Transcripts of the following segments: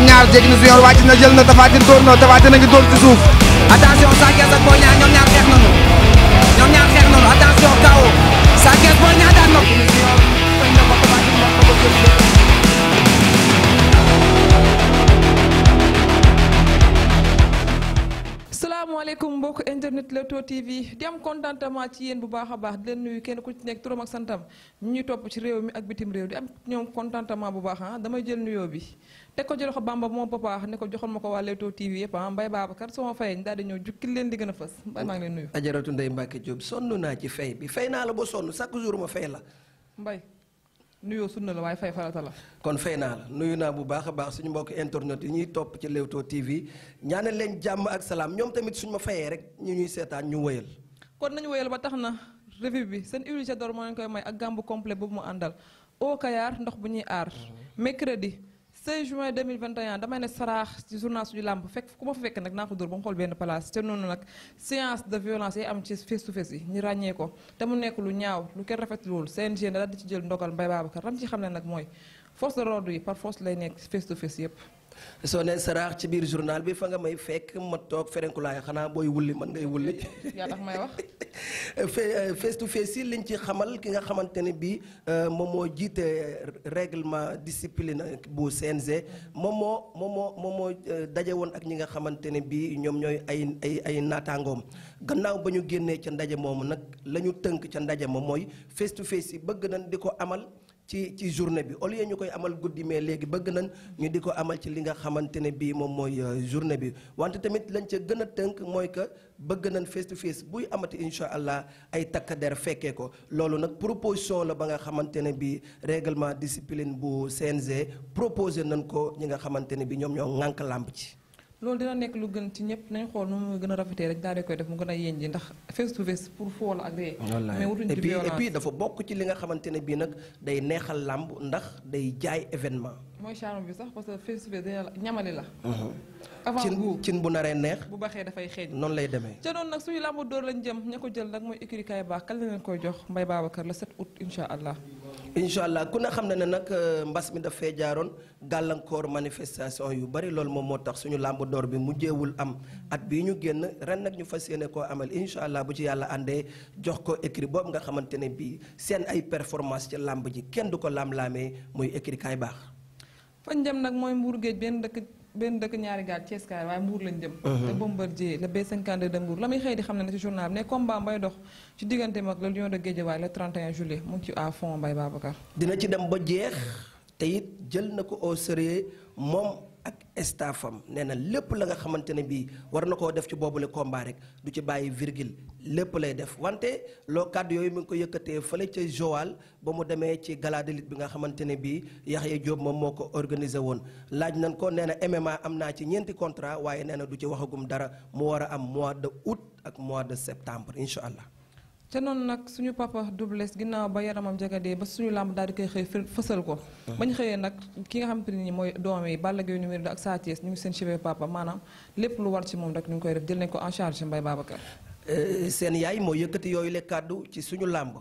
ñoom na su yor wàcc na jël na Tapha Tine a suuf attention Sa Thiès ak Boy Niang ñoom ñaar xeex nañu ñoom xeex nañu attention kaw Sa Thiès Boy Niang daan na mbokk internet Leewtoo TV di am contentement ci yéen bu baax a baax di leen nuyu kenn ku ci nekk turam ak santam ñu ñuy topp ci réew mi ak bitim réew di am ñoom contentement bu baax ah damay jël nuyo bi teg ko jël ko Bamba moom papa ne ko joxal ma ko waa Leewtoo TV yëpp ah Mbaye Babacar sama fay daal di ñëw jukki leen di gën a fës Mbaye maa ngi leen nuyu. ajaratu Ndeye Mbacke Diop sonn naa ci fay bi fay naa la ba sonn chaque jour ma fay la. Mbaye nuyoo sunna la waaye fay farata la. kon fey naa la nuyu naa bu baax a baax suñu mbokk internet yi ñuy topp ci Leewtoo TV ñaanal leen jàmm ak salaam ñoom tamit suñu ma fayee rek ñu ñuy seetaan ñu woyal kon nañu woyal ba tax na revue bi seen huile d'or moo leen koy may ak gàmbu complet boobu mu àndal au Kayar ndox bu ñuy aar mm-hmm. mercredi. 16 juin 2021 damay ne saraax ci journal suñu làmb fekk ku ma fekk nag naa ko dóor ba mu xool benn place te noonu nag séance de violence yi am ci face to face yi ñu ràññee ko te mu nekk lu ñaaw lu kenn rafet loolu CNG ne daal di ci jël ndogal Mbaye Babacar ram ci xam ne nag mooy force de l'ordre yi par force lay nekk face to face yëpp soo nee saraax ci biir journal bi fa nga may fekk ma toog ferenkulaay xanaa booy wulli man ngay wulli. yaa tax may wax. Euh, face to face yi liñ ci xamal ki nga xamante ne bii euh, moom moo jiite règlement discipline bu CNG moom moo moom moo moom euh, daje woon ak ñi nga xamante ne bii ñoom ñooy ay ay ay naataangoom gannaaw ba ñu génnee ca ndaje moomu nag la ñu tënk ca ndaje moom mooy face to face yi bëgg nañ di ko amal. ci ci journée bi au lieu ñu koy amal guddi mais léegi bëgg nañ ñu di ko amal ci li nga xamante ne bii moom mooy euh, journée bi wante tamit lañ ca gën a tënk mooy que bëgg nañ face to face buy amati incha allah ay takk fekkee ko loolu nag proposition la ba nga xamante ne bii règlement discipline bu CNG proposé nañ ko ñi nga xamante ne bii ñoom ñoo ŋànk làmb ci loolu dina nekk lu gën ci ñëpp nañ xool nu mu gën a rafetee rek daal koy def mu gën a yénji ndax face to face pour foo la ak ree mais wutuñ ci violence et dafa bokk ci li nga xamante ne bi nag day neexal làmb ndax day jaay événement mooy charme bi sax parce que face to face dina la ñamali la mhm. avant cin cin bu naree neex bu baxee dafay xeeñ noonu lay demee ca noonu nag suñu làmb door lañ jëm ña ko jël nag mooy écurie Kaay baax kan la leen koy jox Mbaye Babacar le 7 août incha incha allah ku ne xam ne ne nag euh, mbas mi dafay jaaroon gàllankoor manifestation yu bari loolu moom moo tax suñu làmb door bi mujjeewul am at bii ñu génn ren nag ñu fas yéene koo amal incha allah bu ci yàlla àndee jox ko écrit boobu nga xamante ne bii seen ay performance ci làmb ji kenn du ko laam-laamee muy écrit kaay baax. fañ dem nag mooy mbuur géej benn dëkk benn dëkk ñaari gaal Thiès kaar waaye Mbour lañ jëm mhm. te Bombardier le B52 de Mbour la muy xëy di xam ne ne ci journal bi ne combat mbay dox ci diggante mag le Lion de Guédiawaye le 31 juillet mu ci à fond Mbaye dina ci dem ba jeex te jël na ko au sérieux moom staffam nee na lépp la nga xamante ne bii war na koo def ci boobu boobule combat rek du ci bàyyi virgule lépp lay def wante loo kàddu yooyu mi ngi ko yëkkatee fële ca Joal ba mu demee ci gala bi nga xamante ne bii Yaxya Diop moom moo ko organisé woon laaj nañ ko nee na MMA am naa ci ñeenti contrat waaye nee na du ci waxagum dara mu war a am mois de out ak mois de septembre incha allah. te noonu nag suñu papa Doubless ginnaaw ba yaramam jagadee ba suñu làmb daal di koy xëy fësal ko ah. ñu xëyee nag ki nga xam te ni mooy doom yi Balla Gaye numéro ak Sa Thiès ñu seen cheveu papa maanaam lépp lu war ci moom rek ñu ngi koy def jël nañ ko en charge Mbaye Babacar eh, seen yaay moo yëkkati yooyu le kàddu ci suñu làmb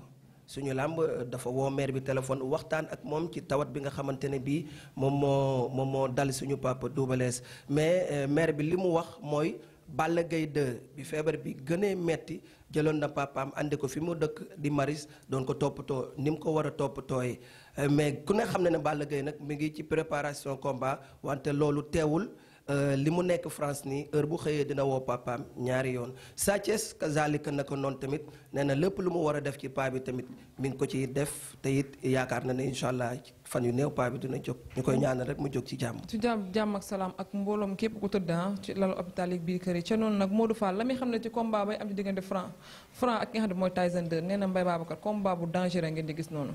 suñu làmb eh, dafa woo maire bi téléphone waxtaan ak moom ci tawat bi nga xamante ne bii moom moo moom moo dal suñu papa Doubless mais eh, maire bi li mu wax mooy Balla Gaye 2 bi feebar bi gënee metti jëloon na papaam andi ko fi mu dëkk di maris doon ko toppatoo ni mu ko war a toppatooyee euh, mais ku ne xam ne ne Balla Gaye nag mu ngi ci préparation combat wante loolu teewul Euh, li mu nekk France nii heure bu xëyee dina woo papaam ñaari yoon Sa Thiès kazalika naka noonu tamit nee na lépp lu mu war a def ci paa bi tamit mi ngi ko ci def te it yaakaar na ne incha allah fan yu néew paa bi dina jóg ñu koy ñaanal rek mu jóg ci jàmm. ci jàmm jàmm ak salaam ak mbooloom képp ku tëdd ah, ci lalu hôpital yi biir kër yi ca noonu nag moo Modou Fall la muy xam ne ci combat bay am ci diggante Franc Franc ak ki nga xam ne mooy Tyson 2 nee na Mbaye Babacar combat bu dangereux gis noonu.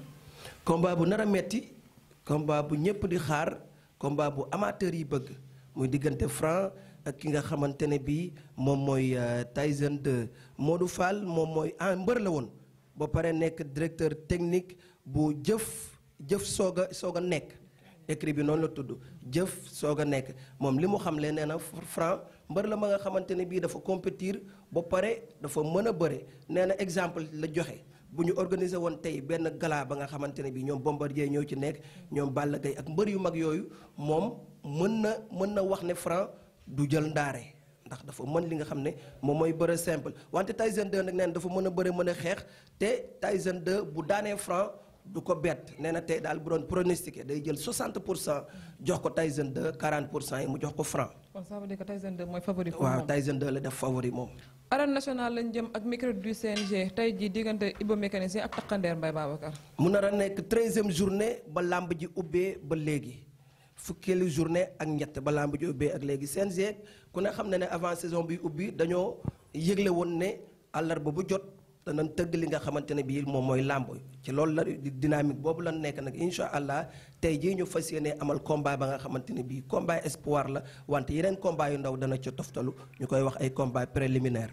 combat bu nar a metti combat bu ñëpp di xaar combat bu amateur yi bëgg. muy diggante Franc ak ki nga xamante ne bii moom mooy euh, Tyson moo du Fall moom mooy ah mbër la woon ba pare nekk directeur technique bu jëf jëf soog a soog a nekk écrit bi noonu la tudd jëf soog a nekk moom li mu xam le nee na Franc mbër la ma nga xamante ne bii dafa competir ba pare dafa mën a bëre nee na exemple la joxe bu ñu organiser woon tey benn galaa ba nga xamante ne bi ñoom bombar Bombardier ñoo ci nekk ñoom Balla Gaye ak mbër yu mag yooyu moom mën na mën na wax ne Franc du jël ndaare ndax dafa mën li nga xam ne moom mooy bëre simple wante Tyson 2 nag neen dafa mën a bëre mën a xeex te Tyson 2 bu daanee Franc du ko bett nee na tey daal bu doon pronostiqué day jël 60 pour cent jox ko Tyson 2 40 pour cent yi mu jox ko franc. kon ça veut dire que Tyson 2 mooy favori. pour moom waaw Tyson 2 la def favori moom. arène nationale lañ jëm ak mercredi du CNG tey jii diggante Iba mécanicien ak Takkandeer Mbaye Babacar. mu nar a nekk treizième journée ba làmb ji ubbee ba léegi fukkeelu journée ak ñett ba làmb ji ubbee ak léegi CNG ku ne xam na ne avant saison bi ubbi dañoo yëgle woon ne àllarba bu jot. danañ tëgg li nga xamante ne bii moom mooy làmb ci loolu la dynamique boobu lan nekk nag incha allah tey jii ñu fas yéene amal combat ba nga xamante ne bii combat espoir la wante yeneen combat yu ndaw dana ci toftalu ñu koy wax ay combat préliminaire.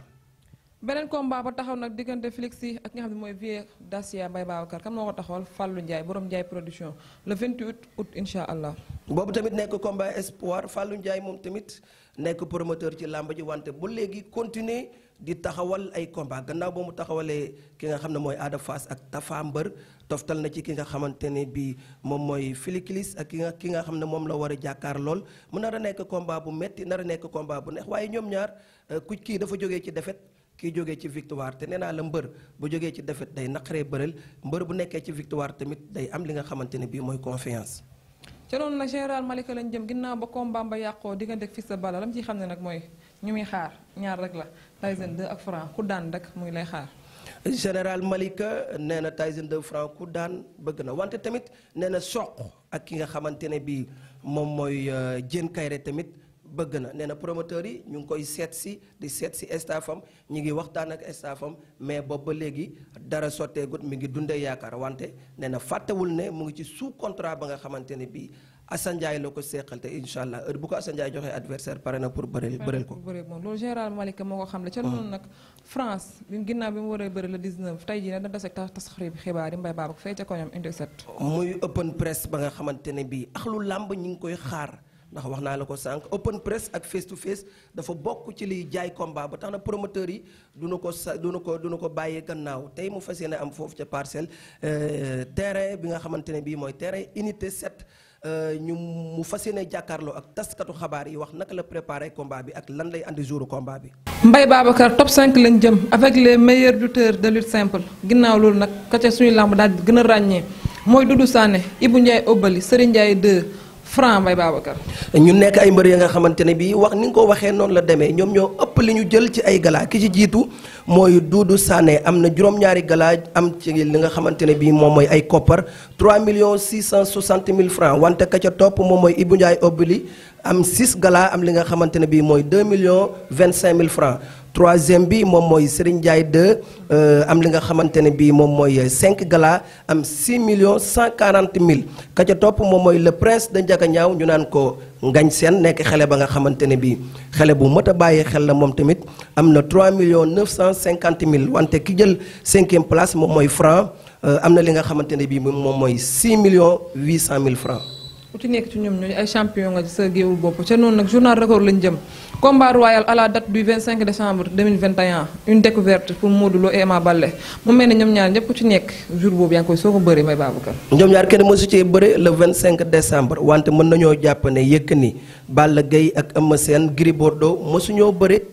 beneen combat ba taxaw nag diggante Félix yi ak nga xam mooy Vieux Dacia Mbaye Babacar kan moo ko taxawal Fallou Ndiaye borom production la 28 août incha allah. boobu tamit nekk combat espoir fallu Ndiaye moom tamit nekk promoteur ci làmb ji wante bu léegi continuer. di taxawal ay combat gannaaw ba mu taxawalee ki nga xam ne mooy Ada Fass ak Tafa Mbër toftal na ci ki nga xamante ne bii moom mooy Filiklis ak ki nga ki nga xam ne moom la war a jàkkaar lool mu nar a nekk combat bu metti nar a nekk combat bu neex waaye ñoom ñaar euh, ku kii dafa jógee ci défaite kii jógee ci victoire te nee naa la mbër bu jógee ci défaite day naqaree bëreel mbër bu nekkee ci victoire tamit day am li nga xamante ne bii mooy confiance. ca noonu nag général Malika lañ jëm ginnaaw ba combat ba yàqoo diggante ak sa bala la lam ci xam ne nag mooy. ñu muy xaar ñaar rek la Tyson 2 ak Franc ku daan rek ngi lay xaar. général Malika nee na Tyson 2 Franc ku daan bëgg na wante tamit nee na soq ak ki nga xamante ne bii moom mooy jën euh, kayre tamit bëgg na nee na promoteurs yi ñu ngi koy seet si di seet si staffam ñu ngi waxtaan ak staffam mais boobu ba léegi dara sotteegut mi ngi dundee yaakaar wante nee na fàttewul ne mu ngi ci sous contrat ba nga xamante ne bii. Assane Ndiaye la ko seeqal te incha allah heure bu ko Assane Ndiaye joxee adversaire pare na pour bëreel bëreel ko bëreel moom loolu général Malick moo ko xam la ca hmm. noonu nag France bi ginnaaw bi mu waree bëri le 19 muy open press ba nga xamante ne bii ax lu làmb ñi ngi koy xaar ndax wax naa la ko sànq open press ak face to face dafa bokk ci liy jaay combat ba tax na promoteur yi duna ko sa duna ko duna ko bàyyee gannaaw tey mu fas yéene am foofu ca parcelle euh, terrain bi nga xamante ne bii mooy terrain unité 7 Euh, ñu mu fas yéene jàkkaarloo ak taskatu xabaar yi wax naka la préparé combat bi ak lan lay andi jouru combat bi. mbay Babacar top cinq lañ jëm avec les meilleurs lutteurs de lutte simple ginnaaw loolu nag ka suñu lamb daal gën a ràññee mooy Doudou sànne Ibou Ndiaye óbbali Serigne Ndiaye 2. Franc Mbaye Babacar. ñu nekk ay mbër ya nga xamante ne bii wax ni nga ko waxee noonu la demee ñoom ñoo ëpp li ñu jël ci ay gala ki ci jiitu mooy Doudou Sané am na juróom-ñaari gala am ci li nga xamante ne bii moom mooy ay koppar 3 millions 660 mille francs wante ka ca topp moo mooy Ibou Ndiaye Obli am 6 gala am li nga xamante ne bii mooy 2 millions 25 mille francs. troisième bi moom mooy Serigne Ndiaye 2 euh, am li nga xamante ne bii moom mooy cinq gala am million millions quarante mille ka ca topp moom mooy le prince de ñaaw ñu naan ko Ngañ Seen nekk xale ba nga xamante ne bii xale bu mot a bàyyi xel la moom tamit am na million 3 cent 950 mille wante ki jël cinquième place moom mooy franc euh, am na li nga xamante ne bii moom mooy million millions cent mille franc. ku ci nekk ci ñoom ñooy ay champion nga ci sa géewul bopp ca noonu nag journal record lañ jëm combat royal à la date du 25 décembre une découverte pour Modou Lo et mu mel ne ñoom ñaar ñëpp ku ci nekk jour boobu yaa ngi koy soo ko bëree may Babacar ñoom ñaar kenn mësu cee bëre le 25 décembre wante mën nañoo jàpp yëkk Yékini Balla Gaye ak Eumeu Sène Gris Bordeaux mësuñoo bëre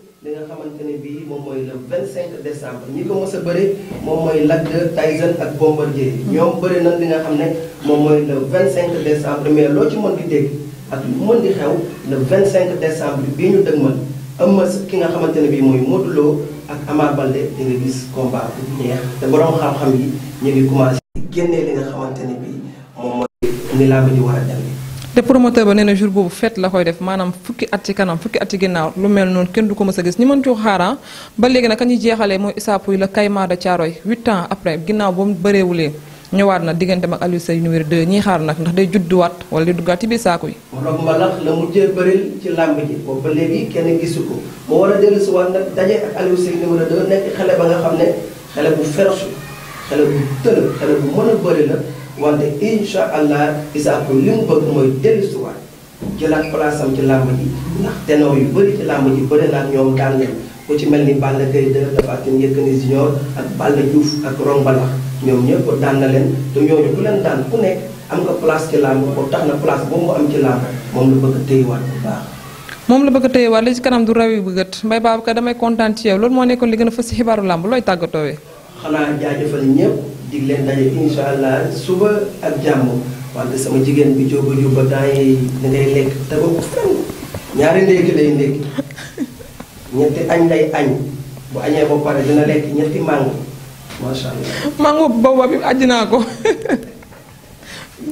exemple ñi ko mos a bëri moom mooy Lac de Tyson ak Bombardier mm-hmm. ñoom bëri na li nga xam ne moom mooy vingt cinq décembre mais loo ci mën di dégg ak lu mën di xew le 25 décembre bii ñu dëgmal ëmmas ki nga xamante ne bii mooy Modou ak Ama Baldé di nga gis combat bu neex te borom xam-xam yi ñu ngi commencé génnee li nga xamante ne moom mooy ni laa ba di war a te promoteur ba nee na boobu fet la koy def maanaam fukki at ci kanam fukki at ci ginnaaw lu mel noonu kenn du ko mës a gis ñu mën ci xaaraan ba léegi nag ñuy jeexalee mooy isaapu yi la Kayma de Thiaroy huit ans après ginnaaw ba mu bëreewulee ñëwaat na digganteem ak Aliou Seye numéro 2 xaar nag ndax day judduwaat wala di duggaat ci biir saako yi. rob mbalax la mujjee bëril ci làmb ji boobu ba léegi kenn gisu ko mu war a dellu si waat nag ak Aliou Seye numéro 2 nekk xale ba nga xam ne xale bu féroce xale bu tënk xale bu mën a bëri la wante incha allah Issa li mu bëgg mooy dellu si waat jëlaat place am ci làmb ji ndax tenor yu bari ci làmb ji bëri na ak ñoom daan nañ ku ci mel ni Balla Gaye 2 Tapha Tine Yékini Junior ak Balla Diouf ak Rombalax ñoom ñëpp daan na leen te ñooñu ku leen daan ku nekk am nga place ci làmb ko tax na place boobu mu am ci làmb moom la bëgg a téyewaat bu baax. moom la bëgg a téyewaat li ci kanam du rawi bu gët Mbaye Babacar damay kontaan ci yow loolu moo nekkoon li gën a fës xibaaru làmb looy tàggatoo xanaa jaajëfal ñëpp dig leen daje incha allah suba ak jàmm wante sama jigéen bi jóoba jóoba temps yi dangay lekk te ba fenn ñaari ndékki lay ndékki ñetti añ lay añ bu añee ba pare dina lekk ñetti màng macha allah. màngu boobu bi àjj naa ko.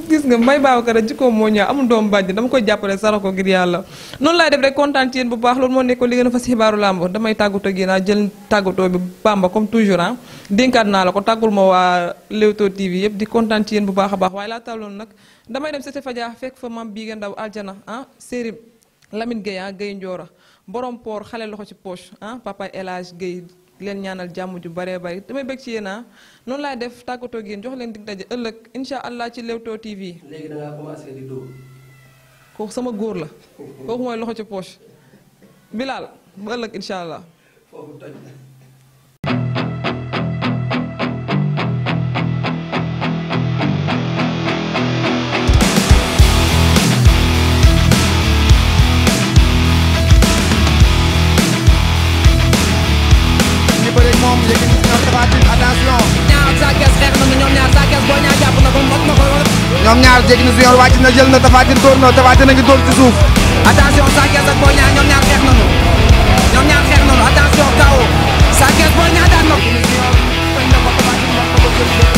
gis nga may a jikkoom moo ñaaw amul doom bàjj dama koy jàppale sarax ko ngir yàlla noonu laay def rek kontaan bu baax loolu moo nekkoon li gën a fas xibaaru làmb damay tàggatoo a ah jël tàggatoo bi bamba comme toujours ah dénkaat naa la ko tàggul ma waa Leewtoo TV yëpp di kontaan ci yéen bu baax a baax waaye laa tàlloon nag damay dem Cité fajaa fekk fa mam bii nga ndaw aljana ah séeri Lamine Gueye ah Gueye Ndiora borom poor xale loxo ci poche ah papa El Hadj leen ñaanal jàmm ju baree bari damay bëgg ci yéen noonu laay def tàggatoo ak jox leen dig daje ëllëg incha allah ci Leewtoo TV. léegi da ngaa commencé di dóor. sama góor la. kooku mooy loxo ci poche. Bilal ba ëllëg incha allah. foofu toj Taphatine attention. ñaar Sathies xeex na ñoom ñaar Sathies Boy Niang jàpp na ko mot na ko ñoom ñaar jéggi na junior wàcc na jël na Taphatine dóor na Taphatine a ngi dóor ci suuf. attention Sathies ak Boy Niang ñoom xeex na ko.